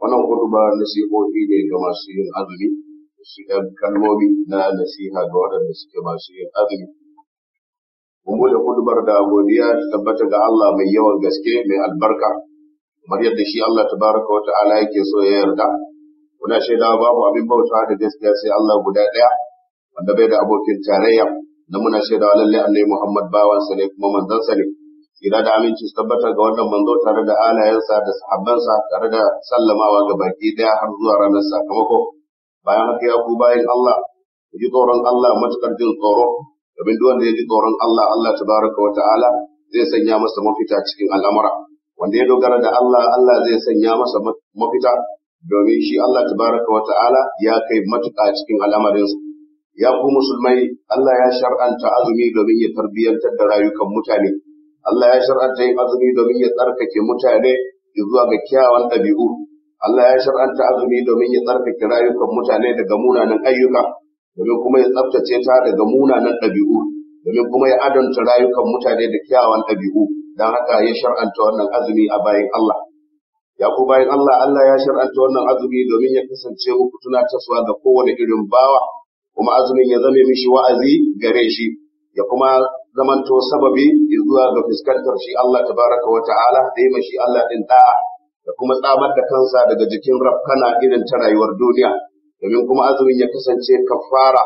wannan hutuba nasihohi ne ga masu yin azumi su yan kalmomi na nasiha ga waɗanda suke masu yin azumi mun bude hutubar da godiya ta tabbata ga Allah mai yawan gaske mai albarka kamar yadda shi Allah tabaraka wa ta'ala yake so ya yarda muna shaida babu abin bauta da gaskiya sai Allah guda ɗaya wanda bai da abokin tarayya na muna shaida lalle annabi Muhammad bawansa ne kuma manzansa ne Kira da aminci su tabbata ga wannan manzo tare da alayensa da sahabbansa tare da sallamawa ga baki daya har zuwa ranar sakamako. Bayan haka ya ku bayan Allah, ku ji tsoron Allah matukar jin tsoro, domin duk wanda ya ji tsoron Allah Allah tabaraka wa ta'ala zai sanya masa mafita cikin al'amura. Wanda ya dogara da Allah Allah zai sanya masa mafita domin shi Allah tabaraka wa ta'ala ya kai matuƙa cikin al'amarinsa. Ya ku musulmai Allah ya shar'anta azumi domin ya tarbiyantar da rayukan mutane. Allah ya shar'anta yin azumi domin ya tsarkake mutane zuwa ga kyawawan ɗabi'u. Allah ya shar'anta azumi domin ya tsarkake rayukan mutane daga munanan ayyuka, domin kuma ya tsaftace ta daga munanan ɗabi'u, domin kuma ya adanta rayukan mutane da kyawawan ɗabi'u. Don haka ya shar'anta wannan azumi a bayan Allah. Ya ku bayan Allah, Allah ya shar'anta wannan azumi domin ya kasance muku tuna ta suwa ga kowane irin bawa, kuma azumin ya zame mishi wa'azi gare shi, ya kuma zamanto sababi zuwa ga fuskantar shi Allah tabaraka wa ta'ala da yi shi Allah din da'a da kuma tsamar da kansa daga jikin rafkana irin ta rayuwar duniya domin kuma azumin ya kasance kafara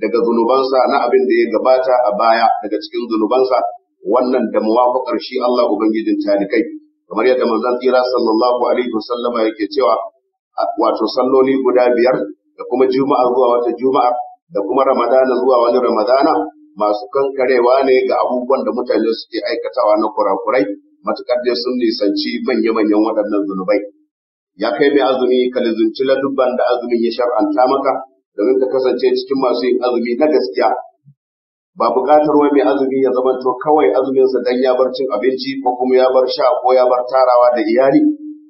daga zunubansa na abin da ya gabata a baya daga cikin zunubansa wannan da muwafaqar shi Allah ubangijin talikai kamar yadda manzon tsira sallallahu alaihi wasallama yake cewa wato salloli guda biyar da kuma juma'a zuwa wata juma'a da kuma ramadana zuwa wani ramadana masu kankarewa ne ga abubuwan da mutane suke aikatawa na kurakurai matukar dai sun nisanci manya-manyan waɗannan zunubai ya kai mai azumi ka lizunci ladubban da azumin ya shar'anta maka domin ka kasance cikin masu yin azumi na gaskiya ba buƙatar wai mai azumi ya zamanto kawai azuminsa dan ya bar cin abinci ko kuma ya bar sha ko ya bar tarawa da iyali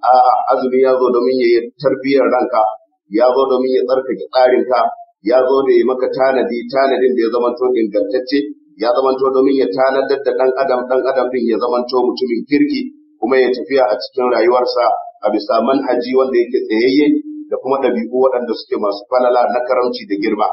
a'a azumi ya zo domin ya yi tarbiyyar ranka ya zo domin ya tsarkake tsarinka ya zo da ya maka tanadi tanadin da ya zamanto ingantacce ya zamanto domin ya tanadar da dan adam ɗan adam din ya zamanto mutumin kirki kuma ya tafiya a cikin rayuwarsa a bisa manhaji wanda yake tsayayye da kuma ɗabi'u waɗanda suke masu falala na karamci da girma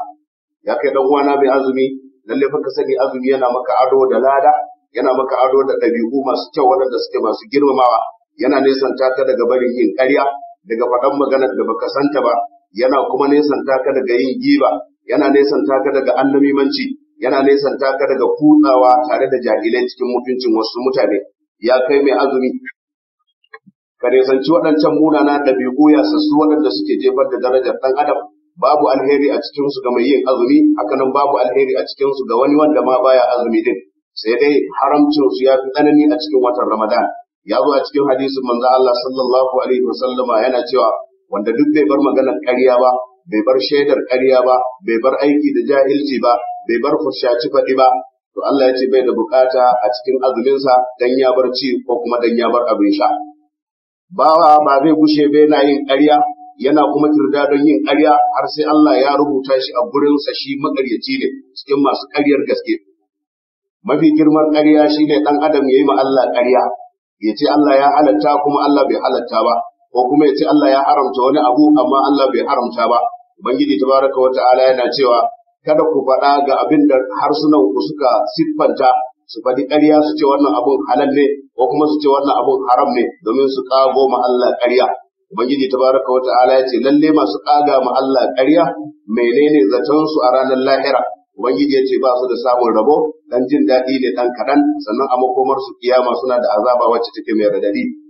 ya kai ɗan uwana mai azumi lalle fa ka sani azumi yana maka ado da lada yana maka ado da ɗabi'u masu kyau waɗanda suke masu girmamawa yana nisanta ka daga barin yin ƙarya daga faɗan maganar da baka santa ba yana kuma nesan taka daga yin giba yana nesan taka daga annamimanci yana nesan taka daga kutsawa tare da jahilai cikin mutuncin wasu mutane ya kai mai azumi ka nesanci waɗancan munana ɗabi'u ya sassu waɗanda suke jefar da darajar ɗan adam babu alheri a cikinsu ga mai yin azumi hakanan babu alheri a cikinsu ga wani wanda ma baya azumi din sai dai haramcinsu ya fi tsanani a cikin watan ramadan ya zo a cikin hadisin manzo Allah sallallahu alaihi wasallama yana cewa wanda duk bai bar maganar ƙarya ba bai bar shaidar ƙarya ba bai bar aiki da jahilci ba bai bar fushaci faɗi ba to Allah ya ce bai da bukata a cikin azuminsa dan ya bar ko kuma dan ya bar abin sha bawa ba zai gushe bai na yin ƙarya yana kuma turda don yin ƙarya har sai Allah ya rubuta shi a gurinsa shi maƙaryaci ne cikin masu ƙaryar gaske mafi girman ƙarya shine dan adam yayi ma Allah ƙarya ya ce Allah ya halatta kuma Allah bai halatta ba ko kuma ya ce Allah ya haramta wani abu amma Allah bai haramta ba ubangiji tabaraka wa ta'ala yana cewa kada ku faɗa ga abin da harsunan ku suka siffanta su faɗi ƙarya su ce wannan abun halal ne ko kuma su ce wannan abun haram ne domin su ƙago ma Allah ƙarya ubangiji tabaraka wa ta'ala ya ce lalle masu ƙaga ma Allah ƙarya menene zaton su a ranar lahira Ubangiji ya ce ba su da samun rabo, dan jin daɗi ne dan kaɗan, sannan a makomar su kiyama suna da azaba wacce take mai radadi.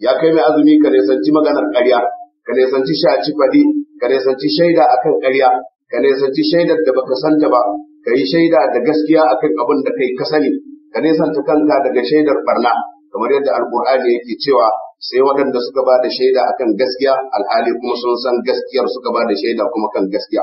ya kai mai azumi ka nisanci maganar ƙarya ka nisanci shaci fadi ka nisanci shaida akan ƙarya ka nisanci shaidar da baka santa ba ka yi shaida da gaskiya akan abin da kai ka sani ka nisanta kanka daga shaidar barna kamar yadda alqur'ani yake cewa sai waɗanda suka ba da shaida akan gaskiya alhali kuma sun san gaskiyar suka ba da shaida kuma kan gaskiya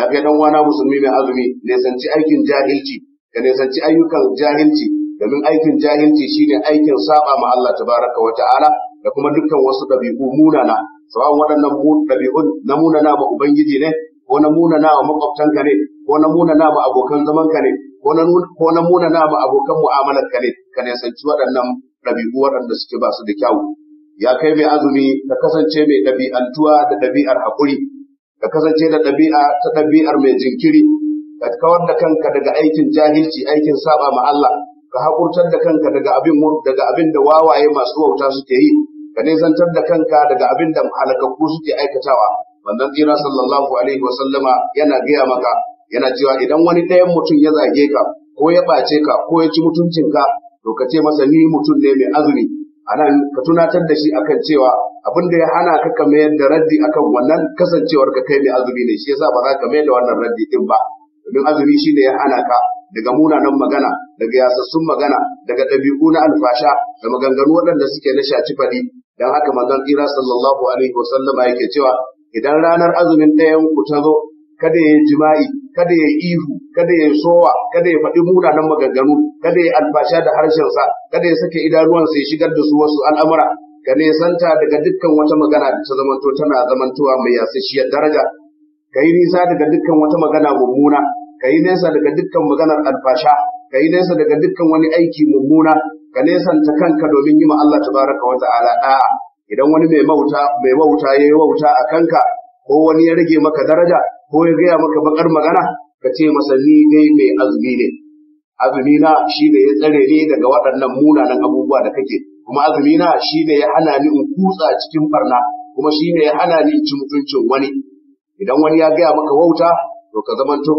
ya kai dan wana musulmi mai azumi nisanci aikin jahilci ka nisanci ayyukan jahilci domin aikin jahilci shine aikin saba ma Allah tabaraka wa ta'ala da kuma dukkan wasu ɗabi'u munana sabon waɗannan ɗabi'un na munana ba ubangiji ne ko na munana wa makwabtanka ne ko na munana ma abokan zamanka ne ko na munana ma abokan mu'amalarka ne ka nisanci waɗannan ɗabi'u waɗanda suke ba su da kyau? ya kai mai azumi ka kasance mai ɗabi'antuwa da ɗabi'ar haƙuri ka kasance da ɗabi'a ta ɗabi'ar mai jinkiri ka kawar da kanka daga aikin jahilci aikin saba ma Allah ka hakurtar da kanka daga abin daga abin da wawaye masu wauta suke yi ka nisantar da kanka daga abin da halakakku suke aikatawa Wannan tsira sallallahu alaihi wa sallama yana gaya maka yana cewa idan wani ɗayan mutum ya zage ka ko ya ɓace ka ko ya ci mutuncinka to ka ce masa ni mutum ne mai azumi a ka tunatar da shi akan cewa abin da ya hana ka ka mayar da raddi akan wannan kasancewar ka kai mai azumi ne shi yasa ba za ka mayar da wannan raddi din ba domin azumi shine ya hana ka daga munanan magana daga yasassun magana daga ɗabi'u na alfasha da maganganu waɗanda suke na shaci faɗi dan haka manzon tsira sallallahu alaihi wasallama yake cewa idan ranar azumin ɗayan ku ta zo kada ya jima'i kada ya ihu kada ya sowa kada ya faɗi munanan maganganu kada ya alfasha da harshen sa, kada ya sake idanuwansa ya shigar da su wasu al'amura ka nesanta daga dukkan wata magana da ta zamanto tana zamantowa mai yasasshiyar daraja ka yi nisa daga dukkan wata magana mummuna ka yi nesa daga dukkan maganar alfasha ka yi nesa daga dukkan wani aiki mummuna ka nesanta kanka domin yi ma Allah tabaraka wa ta'ala da'a idan wani mai mauta mai wauta yayi wauta a kanka ko wani ya rage maka daraja ko ya gaya maka bakar magana ka ce masa ni dai mai azumi ne azumi na ne ya tsare ni daga waɗannan munanan abubuwa da kake kuma azumi na ne ya hana ni in kutsa cikin barna kuma shi ne ya hana ni in ci mutuncin wani idan wani ya gaya maka wauta to ka zamanto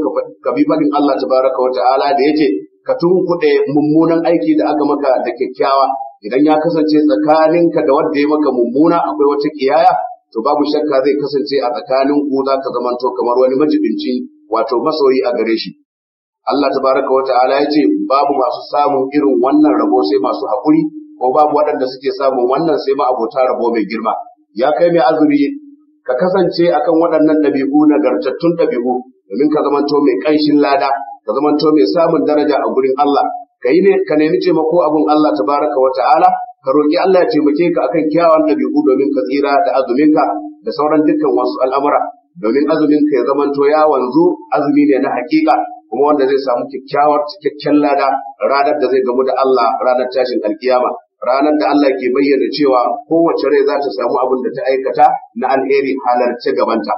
ka bi faɗin Allah tabaraka wa ta'ala da yake ka tunkuɗe mummunan aiki da aka maka da kyakkyawa idan ya kasance tsakaninka da wanda ya maka mummuna akwai wata kiyaya to babu shakka zai kasance a tsakanin ku za ka zamanto kamar wani majibinci wato masoyi a gare shi Allah tabaraka wa ta'ala ya ce babu masu samun irin wannan rabo sai masu haƙuri ko babu waɗanda suke samun wannan sai ma abota rabo mai girma ya kai mai azumi ka kasance akan waɗannan ɗabi'u nagartattun ɗabi'u domin ka zamanto mai ƙanshin lada ka zamanto mai samun daraja a gurin Allah ka yi ne ka nemi taimako abun Allah tabaraka wa ta'ala ka roƙi Allah ya taimake ka akan kyawawan ɗabi'u domin ka tsira da azumin ka da sauran dukkan wasu al'amura domin azumin ka ya zamanto ya wanzu azumi ne na hakika kuma wanda zai samu kyakkyawar cikakken lada ranar da zai gamu da Allah ranar tashin alkiyama ranar da Allah ke bayyana cewa kowace rai za ta samu abin da ta aikata na alheri halarci gabanta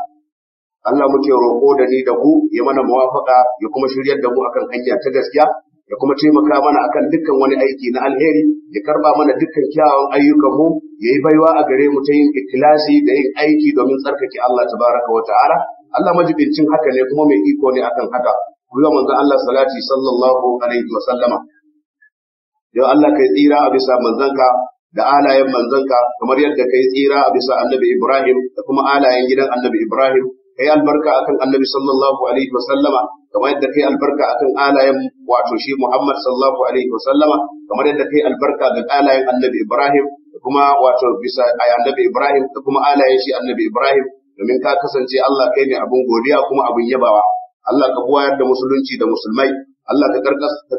Allah muke roƙo da ni da ku ya mana muwafaka ya kuma shiryar da mu akan hanya ta gaskiya ya kuma taimaka mana akan dukkan wani aiki na alheri ya karba mana dukkan kyawun ayyukan mu ya yi baiwa a gare mu ta yin ikilasi da yin aiki domin tsarkake Allah tabaraka wa ta'ala Allah majibincin haka ne kuma mai iko ne akan haka kuma manzon Allah salati sallallahu alaihi wa sallama yau Allah kai tsira a bisa manzanka da alayen manzanka kamar yadda kai tsira a bisa annabi Ibrahim da kuma alayen gidan annabi Ibrahim kai albarka akan annabi sallallahu alaihi wasallama kamar yadda kai albarka akan alayen wato shi Muhammad sallallahu alaihi wasallama kamar yadda kai albarka ga alayen annabi Ibrahim da kuma wato bisa annabi Ibrahim da kuma alayen shi annabi Ibrahim domin ka kasance Allah kai ne abun godiya kuma abun yabawa Allah ka wayar da musulunci da musulmai Allah ka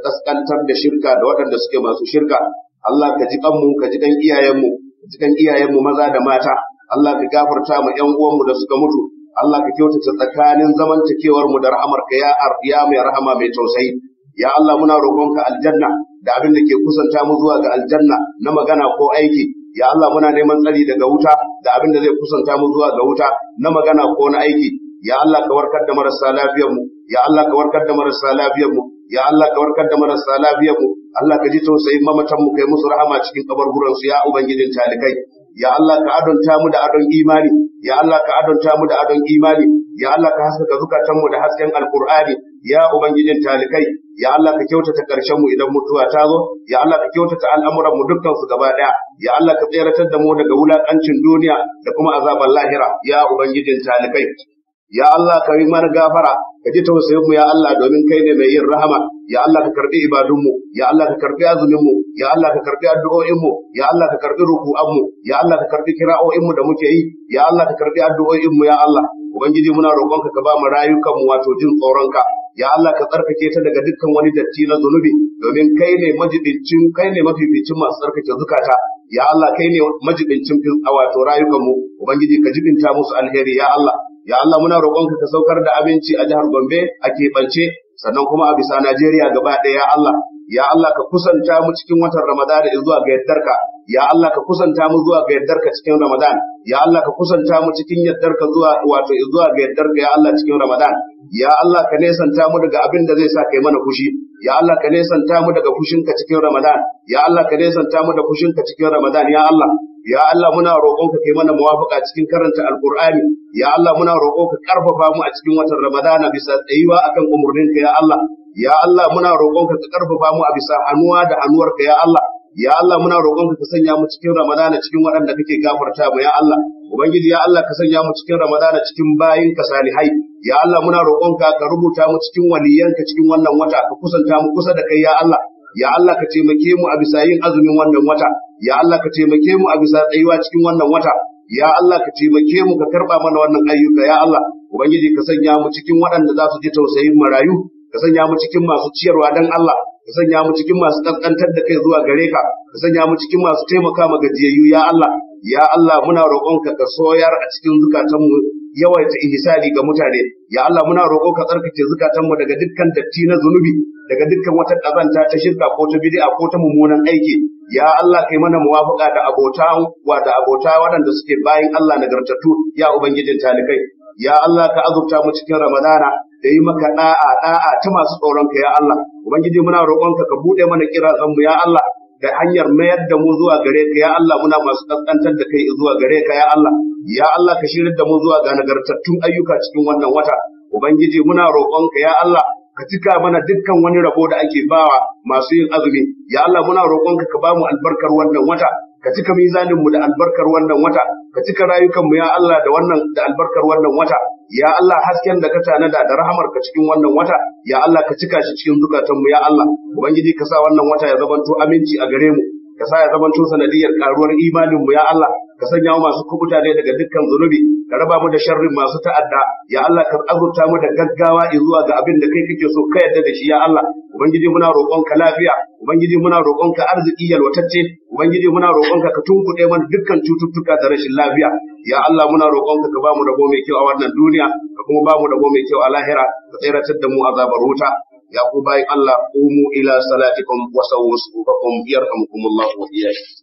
kaskantar da shirka da waɗanda suke masu shirka Allah ka ji kanmu ka ji kan iyayenmu ka ji kan iyayenmu maza da mata Allah ka gafarta ma 'yan uwanmu da suka mutu Allah ka kyautata tsakanin zamantakewar mu da rahamar ka ya ya mai rahama mai tausayi ya Allah muna roƙonka aljanna da abin da ke kusanta mu zuwa ga aljanna na magana ko aiki ya Allah muna neman tsari daga wuta da abin da zai kusanta mu zuwa ga wuta na magana ko na aiki ya Allah ka warkar da marasa lafiyar mu ya Allah ka warkar da marasa lafiyar mu ya Allah ka warkar da marasa lafiyar mu Allah ka ji tausayin mamatan mu kai musu rahama cikin kabarguransu ya ubangijin talikai ya Allah ka adonta mu da adon imani ya Allah ka adonta mu da adon imani ya Allah ka haskaka zukatan mu da hasken alqur'ani ya ubangijin talikai ya Allah ka kyautata karshen mu idan mutuwa ta zo ya Allah ka kyautata al'amuran mu dukkan su gaba daya ya Allah ka tseratar da mu daga wulakancin duniya da kuma azaban lahira ya ubangijin talikai ya Allah ka yi mana gafara ka ji tausayin mu ya Allah domin kai ne mai yin rahama ya Allah ka karbi ibadun mu ya Allah ka karbi azumin mu ya Allah ka karbi addu'o'in mu ya Allah ka karbi ruku'an mu ya Allah ka karbi kira'o'in mu da muke yi ya Allah ka karbi addu'o'in mu ya Allah ubangiji muna roƙon ka ba mu rayukan mu wato jin tsoronka ya Allah ka tsarkake ta daga dukkan wani datti na zunubi domin kai ne majibincin kai ne mafificin masu tsarkake zukata ya Allah kai ne majibincin wato rayukan mu ubangiji ka jibinta musu alheri ya Allah ya Allah muna roƙonka ka saukar da abinci a jihar Gombe a keɓance sannan kuma a bisa Najeriya gaba ɗaya ya Allah ya Allah ka kusanta mu cikin watan Ramadan zuwa ga yaddarka ya Allah ka kusanta mu zuwa ga yaddarka cikin Ramadan ya Allah ka kusanta mu cikin yaddarka zuwa wato zuwa ga yaddarka ya Allah cikin Ramadan ya Allah ka nesanta mu daga abin da zai sa kai mana fushi ya Allah ka nesanta mu daga fushinka cikin Ramadan ya Allah ka nesanta mu da fushinka cikin Ramadan ya Allah ya Allah muna roƙon ka kai mana muwafaqa cikin karanta alqur'ani ya Allah muna roƙon ka karfafa mu a cikin watan ramadana bisa tsayuwa akan umurnin ka ya Allah ya Allah muna roƙon ka karfafa mu a bisa hannuwa da hannuwar ka ya Allah ya Allah muna roƙon ka sanya mu cikin ramadana cikin waɗanda kake gafarta mu ya Allah ubangiji ya Allah ka sanya mu cikin ramadana cikin bayin ka salihai ya Allah muna roƙon ka ka rubuta mu cikin waliyanka cikin wannan wata ka kusanta mu kusa da kai ya Allah ya Allah ka taimake mu a bisa yin azumin wannan wata ya Allah ka taimake mu a bisa tsayuwa cikin wannan wata ya Allah ka taimake mu ka karba mana wannan ayyuka ya Allah ubangiji ka sanya mu cikin waɗanda za su ji tausayin marayu ka sanya mu cikin masu ciyarwa dan Allah ka sanya mu cikin masu kaskantar da kai zuwa gare ka ka sanya mu cikin masu taimaka ma gajiyayyu ya Allah ya Allah muna roƙonka ka soyar a cikin zukatanmu yawaita ihsani ga mutane ya Allah muna roƙo ka tsarkake mu daga dukkan datti na zunubi daga dukkan wata ƙazanta ta shirka ko ta bid'a ko ta mummunan aiki ya Allah kai mana muwafaqa da abota wa da abota waɗanda suke bayin Allah nagartattu ya ubangijin talikai ya Allah ka azurta mu cikin Ramadana da yi maka da'a da'a ta masu tsoronka ya Allah ubangiji muna roƙonka ka buɗe mana kirazanmu ya Allah da hanyar mayar da mu zuwa gare ka ya Allah muna masu kaskantar da kai zuwa gare ka ya Allah ya Allah ka shirin da mu zuwa ga nagartattun ayyuka cikin wannan wata ubangiji muna roƙonka ya Allah ka cika mana dukkan wani rabo da ake bawa masu yin azumi ya Allah muna roƙonka ka bamu albarkar wannan wata ka cika mizanin mu da albarkar wannan wata ka cika rayukan mu ya Allah da wannan da albarkar wannan wata ya Allah hasken da ka tanada da rahamar ka cikin wannan wata ya Allah ka cika shi cikin zukatan mu ya Allah ubangiji ka sa wannan wata ya zamanto aminci a gare mu ka sa ya zamanto sanadiyar karuwar imanin mu ya Allah ka sanya mu masu kubuta daga dukkan zunubi ka raba mu da sharrin masu ta'adda ya Allah ka azurta mu da gaggawa zuwa ga abin da kai kake so ka yarda da shi ya Allah ubangiji muna roƙonka lafiya ubangiji muna roƙonka arziki yalwatacce ubangiji muna roƙonka ka tunkuɗe mana dukkan cututtuka da rashin lafiya ya Allah muna roƙonka ka bamu rabo mai kyau a wannan duniya ka kuma bamu rabo mai kyau a lahira ka tsiratar da mu azabar wuta ya ku bayin Allah qumu ila salatikum wa sawwu sufukum yarhamukumullahu wa iyyakum